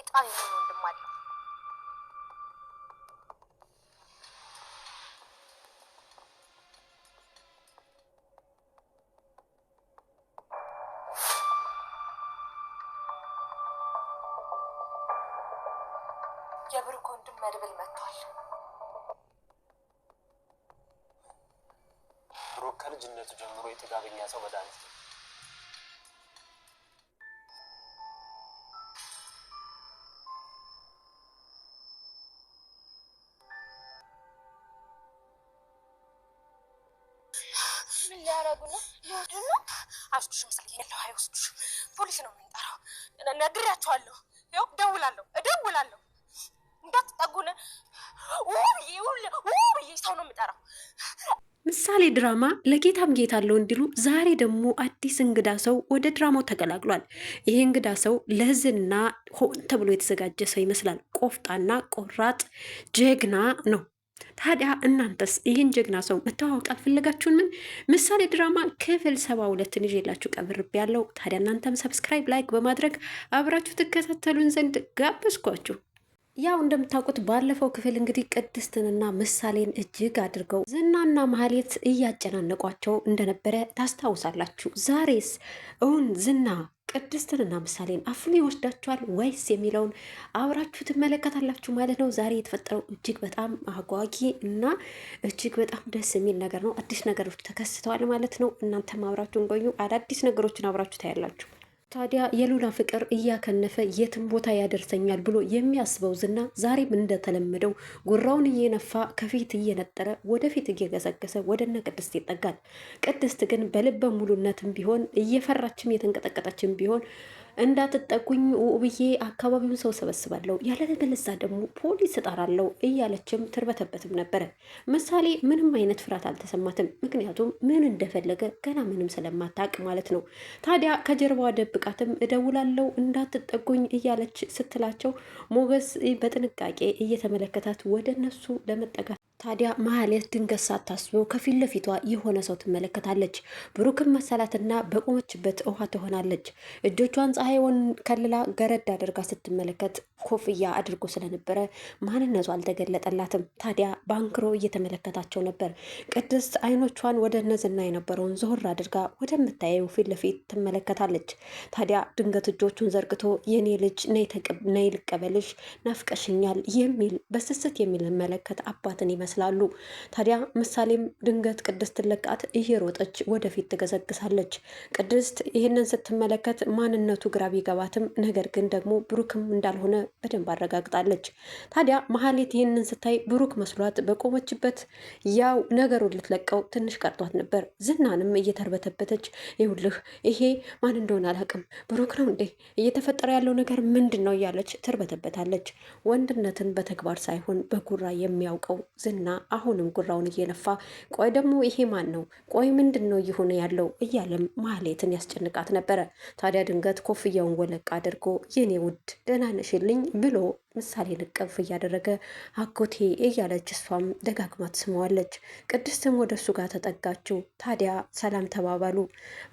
ሰይጣን የሆነ ወንድም አለው። የብሩክ ወንድም መድብል መጥቷል። ብሩክ ከልጅነቱ ጀምሮ የጥጋበኛ ሰው መድኃኒት ነው። ነግሬያቸዋለሁ። እደውላለሁ እደውላለሁ እንዳትጠጉን ውብዬ ሰው ነው የምጠራው። ምሳሌ ድራማ ለጌታም ጌታ አለው እንዲሉ ዛሬ ደግሞ አዲስ እንግዳ ሰው ወደ ድራማው ተቀላቅሏል። ይሄ እንግዳ ሰው ለዝና ሆን ተብሎ የተዘጋጀ ሰው ይመስላል። ቆፍጣና ቆራጥ ጀግና ነው። ታዲያ እናንተስ ይህን ጀግና ሰው መተዋወቅ አልፈለጋችሁን? ምን ምሳሌ ድራማ ክፍል ሰባ ሁለትን ይዤላችሁ ቀብርብ ያለው ታዲያ እናንተም ሰብስክራይብ፣ ላይክ በማድረግ አብራችሁ ትከታተሉን ዘንድ ጋበዝኳችሁ። ያው እንደምታውቁት ባለፈው ክፍል እንግዲህ ቅድስትንና ምሳሌን እጅግ አድርገው ዝናና ማህሌት እያጨናነቋቸው እንደነበረ ታስታውሳላችሁ። ዛሬስ እውን ዝና ቅድስትንና ምሳሌን አፍኖ ይወስዳቸዋል ወይስ የሚለውን አብራችሁ ትመለከታላችሁ ማለት ነው። ዛሬ የተፈጠረው እጅግ በጣም አጓጊ እና እጅግ በጣም ደስ የሚል ነገር ነው። አዲስ ነገሮች ተከስተዋል ማለት ነው። እናንተም አብራችሁን ቆዩ። አዳዲስ ነገሮችን አብራችሁ ታያላችሁ። ታዲያ የሉላ ፍቅር እያከነፈ የትም ቦታ ያደርሰኛል ብሎ የሚያስበው ዝና ዛሬም እንደተለመደው ጉራውን እየነፋ ከፊት እየነጠረ ወደፊት እየገሰገሰ ወደነ ቅድስት ይጠጋል። ቅድስት ግን በልበ ሙሉነትም ቢሆን እየፈራችም እየተንቀጠቀጠችም ቢሆን እንዳትጠጉኝ ውብዬ አካባቢውን ሰው ሰበስባለሁ፣ ያለበለዚያ ደግሞ ፖሊስ እጠራለሁ እያለችም ትርበተበትም ነበረ። ምሳሌ ምንም አይነት ፍርሃት አልተሰማትም። ምክንያቱም ምን እንደፈለገ ገና ምንም ስለማታውቅ ማለት ነው። ታዲያ ከጀርባዋ ደብቃትም እደውላለሁ እንዳትጠጉኝ እያለች ስትላቸው ሞገስ በጥንቃቄ እየተመለከታት ወደ እነሱ ለመጠጋት ታዲያ መሀሌት ድንገት ሳታስበው ከፊት ለፊቷ የሆነ ሰው ትመለከታለች። ብሩክን መሰላትና በቆመችበት ውሃ ትሆናለች። እጆቿን ፀሐይን ከልላ ገረድ አድርጋ ስትመለከት ኮፍያ አድርጎ ስለነበረ ማንነቱ አልተገለጠላትም። ታዲያ ባንክሮ እየተመለከታቸው ነበር። ቅድስት አይኖቿን ወደ ነዝና የነበረውን ዞር አድርጋ ወደምታየው ፊት ለፊት ትመለከታለች። ታዲያ ድንገት እጆቹን ዘርግቶ የኔ ልጅ ነይ ልቀበልሽ፣ ናፍቀሽኛል የሚል በስስት የሚል አባትን ይመስላል ይመስላሉ። ታዲያ ምሳሌም ድንገት ቅድስትን ለቃት እየሮጠች ወደፊት ትገሰግሳለች። ቅድስት ይህንን ስትመለከት ማንነቱ ግራ ቢገባትም ነገር ግን ደግሞ ብሩክም እንዳልሆነ በደንብ አረጋግጣለች። ታዲያ መሀሌት ይህንን ስታይ ብሩክ መስሏት በቆመችበት ያው ነገሩን ልትለቀው ትንሽ ቀርጧት ነበር። ዝናንም እየተርበተበተች ይውልህ ይሄ ማን እንደሆነ አላውቅም ብሩክ ነው እንዴ እየተፈጠረ ያለው ነገር ምንድን ነው እያለች ትርበተበታለች። ወንድነትን በተግባር ሳይሆን በጉራ የሚያውቀው ዝና እና አሁንም ጉራውን እየነፋ ቆይ ደግሞ ይሄ ማን ነው? ቆይ ምንድን ነው እየሆነ ያለው? እያለም ማህሌትን ያስጨንቃት ነበረ። ታዲያ ድንገት ኮፍያውን ወለቅ አድርጎ የኔ ውድ ደህና ነሽልኝ ብሎ ምሳሌ እቅፍ እያደረገ አጎቴ እያለች እሷም ደጋግማ ትስመዋለች። ቅድስትም ወደ እሱ ጋር ተጠጋችው። ታዲያ ሰላም ተባባሉ።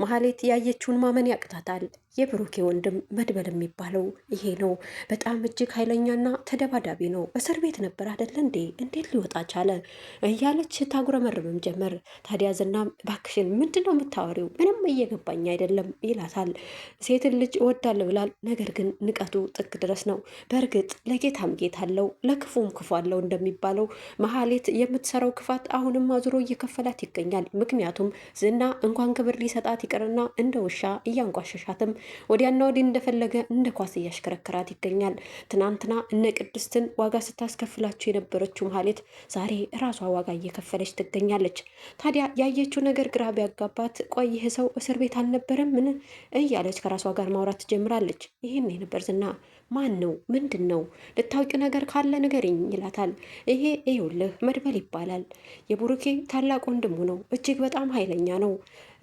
መሀሌት ያየችውን ማመን ያቅታታል። የብሩኬ ወንድም መድበል የሚባለው ይሄ ነው። በጣም እጅግ ኃይለኛና ተደባዳቢ ነው። እስር ቤት ነበር አደለ እንዴ? እንዴት ሊወጣ ቻለ? እያለች ታጉረመርምም ጀመር። ታዲያ ዝናም ባክሽን፣ ምንድን ነው የምታወሪው? ምንም እየገባኝ አይደለም ይላታል። ሴትን ልጅ እወዳለሁ ብላል። ነገር ግን ንቀቱ ጥግ ድረስ ነው። በእርግጥ ለጌታም ጌታ አለው ለክፉም ክፉ አለው እንደሚባለው መሀሌት የምትሰራው ክፋት አሁንም አዙሮ እየከፈላት ይገኛል። ምክንያቱም ዝና እንኳን ክብር ሊሰጣት ይቅርና እንደ ውሻ እያንቋሸሻትም ወዲያና ወዲህ እንደፈለገ እንደ ኳስ እያሽከረከራት ይገኛል። ትናንትና እነ ቅድስትን ዋጋ ስታስከፍላቸው የነበረችው መሀሌት ዛሬ ራሷ ዋጋ እየከፈለች ትገኛለች። ታዲያ ያየችው ነገር ግራ ቢያጋባት ቆይህ ሰው እስር ቤት አልነበረም ምን እያለች ከራሷ ጋር ማውራት ትጀምራለች። ይህን የነበር ዝና ማን ነው ምንድን ነው ልታውቂው ነገር ካለ ንገሪኝ ይላታል። ይሄ ይኸውልህ መድበል ይባላል። የቡሩኬ ታላቅ ወንድሙ ነው። እጅግ በጣም ኃይለኛ ነው።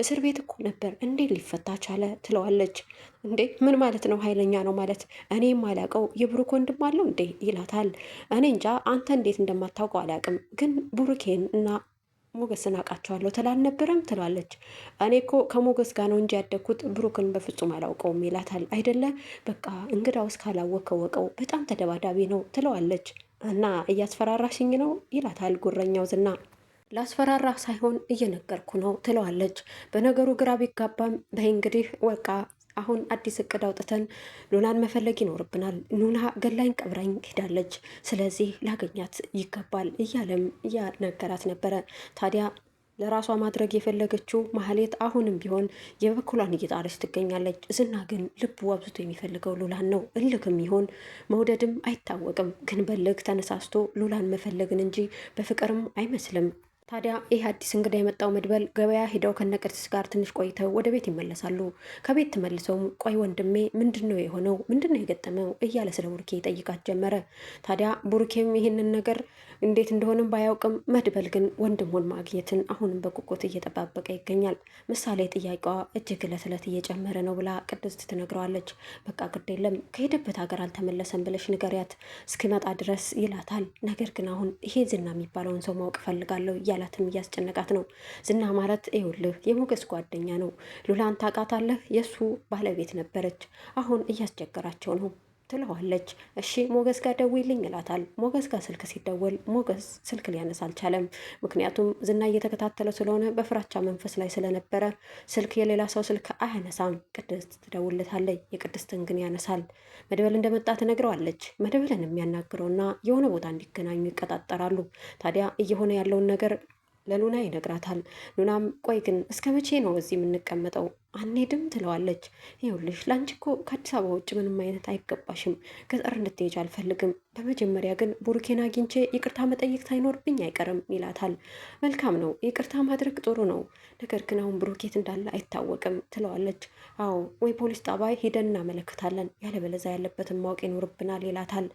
እስር ቤት እኮ ነበር እንዴት ሊፈታ ቻለ? ትለዋለች። እንዴ ምን ማለት ነው ኃይለኛ ነው ማለት? እኔ የማላውቀው የቡሩክ ወንድም አለው እንዴ? ይላታል። እኔ እንጃ አንተ እንዴት እንደማታውቀው አላውቅም፣ ግን ቡሩኬን እና ሞገስን አውቃቸዋለሁ ትል አልነበረም ትሏለች። እኔ እኮ ከሞገስ ጋር ነው እንጂ ያደግኩት ብሩክን በፍጹም አላውቀውም ይላታል። አይደለ በቃ እንግዳውስ ካላወቀው ወቀው በጣም ተደባዳቢ ነው ትለዋለች። እና እያስፈራራሽኝ ነው ይላታል ጉረኛው ዝና። ላስፈራራ ሳይሆን እየነገርኩ ነው ትለዋለች። በነገሩ ግራ ቢጋባም በይ እንግዲህ ወቃ አሁን አዲስ እቅድ አውጥተን ሉናን መፈለግ ይኖርብናል። ሉና ገላኝ ቀብራኝ ሄዳለች፣ ስለዚህ ላገኛት ይገባል እያለም እያነገራት ነበረ። ታዲያ ለራሷ ማድረግ የፈለገችው ማህሌት አሁንም ቢሆን የበኩሏን እየጣለች ትገኛለች። ዝና ግን ልቡ አብዝቶ የሚፈልገው ሉላን ነው። እልክም ይሆን መውደድም አይታወቅም፣ ግን በልክ ተነሳስቶ ሉላን መፈለግን እንጂ በፍቅርም አይመስልም። ታዲያ ይህ አዲስ እንግዳ የመጣው መድበል ገበያ ሄደው ከነቅርስ ጋር ትንሽ ቆይተው ወደ ቤት ይመለሳሉ። ከቤት ተመልሰውም ቆይ ወንድሜ ምንድን ነው የሆነው? ምንድን ነው የገጠመው? እያለ ስለ ቡርኬ ይጠይቃት ጀመረ። ታዲያ ቡርኬም ይህንን ነገር እንዴት እንደሆነም ባያውቅም መድበል ግን ወንድሙን ማግኘትን አሁንም በጉጉት እየጠባበቀ ይገኛል። ምሳሌ ጥያቄዋ እጅግ ዕለት ዕለት እየጨመረ ነው ብላ ቅድስት ትነግረዋለች። በቃ ግድ የለም ከሄደበት ሀገር አልተመለሰም ብለሽ ንገሪያት እስኪመጣ ድረስ ይላታል። ነገር ግን አሁን ይሄ ዝና የሚባለውን ሰው ማወቅ እፈልጋለሁ እያላትም እያስጨነቃት ነው። ዝና ማለት ይኸውልህ የሞገስ ጓደኛ ነው። ሉላን ታውቃታለህ? የእሱ ባለቤት ነበረች። አሁን እያስቸገራቸው ነው። ትለዋለች። እሺ ሞገስ ጋር ደውይልኝ ይላታል። ሞገስ ጋር ስልክ ሲደወል ሞገስ ስልክ ሊያነሳ አልቻለም። ምክንያቱም ዝና እየተከታተለ ስለሆነ በፍራቻ መንፈስ ላይ ስለነበረ ስልክ የሌላ ሰው ስልክ አያነሳም። ቅድስት ትደውልለታለች። የቅድስትን ግን ያነሳል። መደበል እንደመጣ ትነግረዋለች። መደበልን የሚያናግረውና የሆነ ቦታ እንዲገናኙ ይቀጣጠራሉ። ታዲያ እየሆነ ያለውን ነገር ለሉና ይነግራታል። ሉናም ቆይ ግን እስከ መቼ ነው እዚህ የምንቀመጠው? አንሄድም ትለዋለች። ይኸውልሽ ለአንቺ እኮ ከአዲስ አበባ ውጭ ምንም አይነት አይገባሽም፣ ገጠር እንድትሄጅ አልፈልግም። በመጀመሪያ ግን ቡሩኬን አግኝቼ ይቅርታ መጠየቅ ሳይኖርብኝ አይቀርም ይላታል። መልካም ነው፣ ይቅርታ ማድረግ ጥሩ ነው። ነገር ግን አሁን ብሩኬት እንዳለ አይታወቅም ትለዋለች። አዎ ወይ ፖሊስ ጣቢያ ሂደን እናመለክታለን፣ ያለበለዛ ያለበትን ማወቅ ይኖርብናል ይላታል።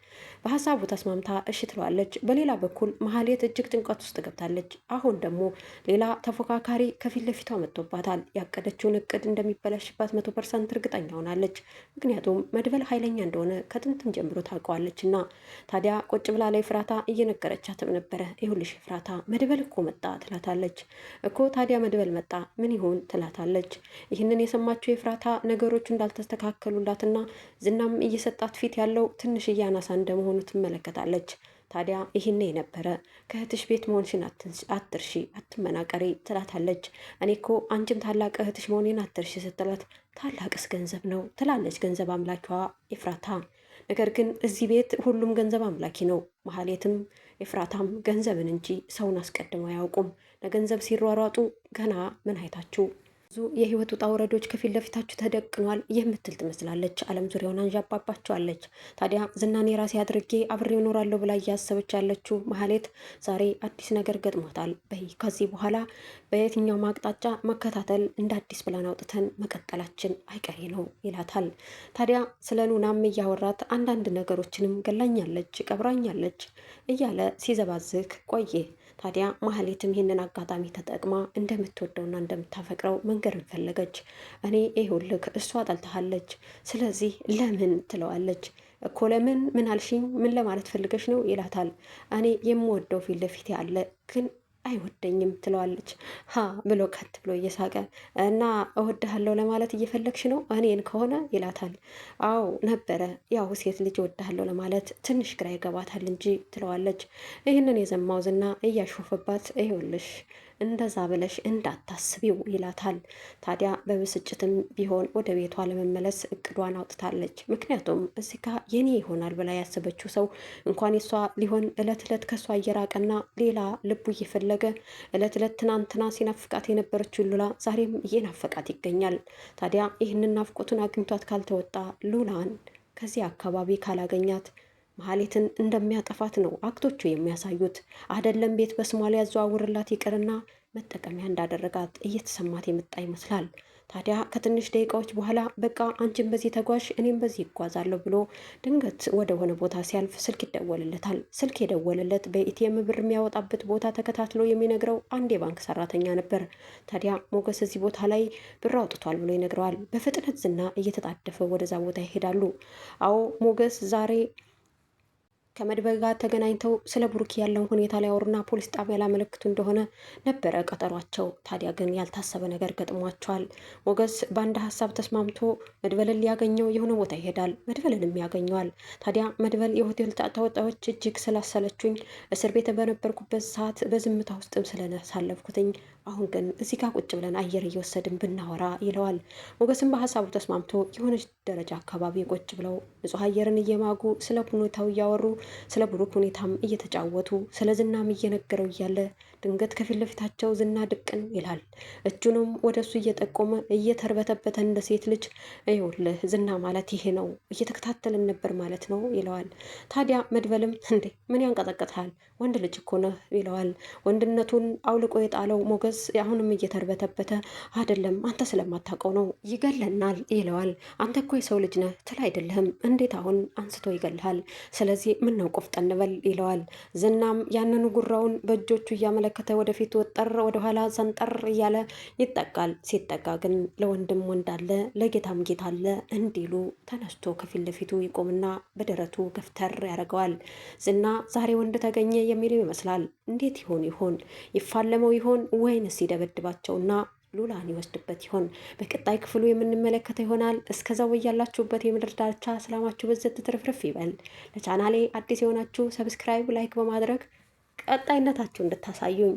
በሀሳቡ ተስማምታ እሺ ትለዋለች። በሌላ በኩል መሀሌት እጅግ ጭንቀት ውስጥ ገብታለች። አሁን ደግሞ ሌላ ተፎካካሪ ከፊት ለፊቷ መጥቶባታል። ያቀደችውን እቅድ እንደሚበላሽባት መቶ ፐርሰንት እርግጠኛ ሆናለች። ምክንያቱም መድበል ኃይለኛ እንደሆነ ከጥንትም ጀምሮ ታውቀዋለች እና ታዲያ ቁጭ ብላ ላይ ፍራታ እየነገረቻትም ነበረ። ይሁልሽ ፍራታ መድበል እኮ መጣ ትላታለች። እኮ ታዲያ መድበል መጣ ምን ይሆን ትላታለች። ይህንን የሰማችው የፍራታ ነገሮች እንዳልተስተካከሉላትና ዝናም እየሰጣት ፊት ያለው ትንሽዬ አናሳ እንደመሆኑ ትመለከታለች። ታዲያ ይህን የነበረ ከእህትሽ ቤት መሆንሽን አትርሺ፣ አትመናቀሪ ትላታለች። እኔ እኮ አንቺም ታላቅ እህትሽ መሆኔን አትርሺ ስትላት ታላቅስ ገንዘብ ነው ትላለች ገንዘብ አምላኪዋ ኤፍራታ። ነገር ግን እዚህ ቤት ሁሉም ገንዘብ አምላኪ ነው። መሀሌትም ኤፍራታም ገንዘብን እንጂ ሰውን አስቀድመው አያውቁም። ለገንዘብ ሲሯሯጡ ገና ምን አይታችሁ ብዙ የህይወት ውጣ ውረዶች ከፊት ለፊታችሁ ተደቅኗል የምትል ትመስላለች። ዓለም ዙሪያውን አንዣባባቸዋለች። ታዲያ ዝናኔ ራሴ አድርጌ አብሬ እኖራለሁ ብላ እያሰበች ያለችው መሀሌት ዛሬ አዲስ ነገር ገጥሞታል። በይ ከዚህ በኋላ በየትኛውም አቅጣጫ መከታተል እንደ አዲስ ብላን አውጥተን መቀጠላችን አይቀሬ ነው ይላታል። ታዲያ ስለ ኑናም እያወራት አንዳንድ ነገሮችንም ገላኛለች፣ ቀብራኛለች እያለ ሲዘባዝክ ቆየ። ታዲያ ማህሌትም ይህንን አጋጣሚ ተጠቅማ እንደምትወደውና እንደምታፈቅረው መንገድን ፈለገች። እኔ ይኸውልህ እሷ ጠልታሃለች፣ ስለዚህ ለምን ትለዋለች እኮ ለምን ምን አልሽኝ? ምን ለማለት ፈልገሽ ነው ይላታል። እኔ የምወደው ፊት ለፊት ያለ ግን አይወደኝም ትለዋለች። ሀ ብሎ ከት ብሎ እየሳቀ እና እወድሃለሁ ለማለት እየፈለግሽ ነው እኔን ከሆነ ይላታል። አዎ ነበረ ያው ሴት ልጅ እወድሃለሁ ለማለት ትንሽ ግራ ይገባታል እንጂ ትለዋለች። ይህንን የዘማው ዝና እያሾፈባት ይኸውልሽ እንደዛ ብለሽ እንዳታስቢው ይላታል። ታዲያ በብስጭትም ቢሆን ወደ ቤቷ ለመመለስ እቅዷን አውጥታለች። ምክንያቱም እዚህ ጋ የኔ ይሆናል ብላ ያሰበችው ሰው እንኳን የሷ ሊሆን እለት እለት ከሷ እየራቀና ሌላ ልቡ እየፈለገ እለት እለት ትናንትና ሲናፍቃት የነበረችው ሉላ ዛሬም እየናፈቃት ይገኛል። ታዲያ ይህንን ናፍቆቱን አግኝቷት ካልተወጣ ሉላን ከዚህ አካባቢ ካላገኛት ማህሌትን እንደሚያጠፋት ነው አክቶቹ የሚያሳዩት። አደለም ቤት በስሟ ሊያዘዋውርላት ይቅርና መጠቀሚያ እንዳደረጋት እየተሰማት የመጣ ይመስላል። ታዲያ ከትንሽ ደቂቃዎች በኋላ በቃ አንቺን በዚህ ተጓዥ እኔም በዚህ ይጓዛለሁ ብሎ ድንገት ወደ ሆነ ቦታ ሲያልፍ ስልክ ይደወልለታል። ስልክ የደወለለት በኢቲኤም ብር የሚያወጣበት ቦታ ተከታትሎ የሚነግረው አንድ የባንክ ሰራተኛ ነበር። ታዲያ ሞገስ እዚህ ቦታ ላይ ብር አውጥቷል ብሎ ይነግረዋል። በፍጥነት ዝና እየተጣደፈ ወደዛ ቦታ ይሄዳሉ። አዎ ሞገስ ዛሬ ከመድበል ጋር ተገናኝተው ስለ ብሩክ ያለውን ሁኔታ ሊያወሩና ፖሊስ ጣቢያ ላመለክቱ እንደሆነ ነበረ ቀጠሯቸው። ታዲያ ግን ያልታሰበ ነገር ገጥሟቸዋል። ሞገስ በአንድ ሀሳብ ተስማምቶ መድበልን ሊያገኘው የሆነ ቦታ ይሄዳል። መድበልንም ያገኘዋል። ታዲያ መድበል የሆቴል ተወጣዎች እጅግ ስላሰለችኝ እስር ቤት በነበርኩበት ሰዓት በዝምታ ውስጥም ስለሳለፍኩትኝ አሁን ግን እዚህ ጋር ቁጭ ብለን አየር እየወሰድን ብናወራ ይለዋል። ሞገስም በሀሳቡ ተስማምቶ የሆነች ደረጃ አካባቢ ቁጭ ብለው ንጹሕ አየርን እየማጉ ስለ ሁኔታው እያወሩ ስለ ብሩክ ሁኔታም እየተጫወቱ ስለ ዝናም እየነገረው እያለ ድንገት ከፊት ለፊታቸው ዝና ድቅን ይላል። እጁንም ወደ እሱ እየጠቆመ እየተርበተበተ እንደ ሴት ልጅ ይኸውልህ ዝና ማለት ይሄ ነው፣ እየተከታተልን ነበር ማለት ነው ይለዋል። ታዲያ መድበልም እንዴ ምን ያንቀጠቅጥሃል? ወንድ ልጅ እኮ ነህ ይለዋል። ወንድነቱን አውልቆ የጣለው ሞገስ ሞገስ አሁንም እየተርበተበተ አይደለም፣ አንተ ስለማታውቀው ነው ይገለናል ይለዋል። አንተ እኮ የሰው ልጅ ነህ ትል አይደለህም፣ እንዴት አሁን አንስቶ ይገልሃል? ስለዚህ ምነው ቆፍጠን በል ይለዋል። ዝናም ያንኑ ጉራውን በእጆቹ እያመለከተ ወደፊት ወጠር ወደኋላ ዘንጠር እያለ ይጠቃል። ሲጠቃ ግን ለወንድም ወንድ አለ ለጌታም ጌታ አለ እንዲሉ ተነስቶ ከፊት ለፊቱ ይቆምና በደረቱ ገፍተር ያደርገዋል። ዝና ዛሬ ወንድ ተገኘ የሚለው ይመስላል። እንዴት ይሆን ይሆን? ይፋለመው ይሆን ወይንስ ይደበድባቸውና ሉላን ይወስድበት ይሆን? በቀጣይ ክፍሉ የምንመለከተው ይሆናል። እስከዛው በያላችሁበት የምድር ዳርቻ ሰላማችሁ በዘት ትርፍርፍ ይበል። ለቻናሌ አዲስ የሆናችሁ ሰብስክራይብ፣ ላይክ በማድረግ ቀጣይነታችሁ እንድታሳዩኝ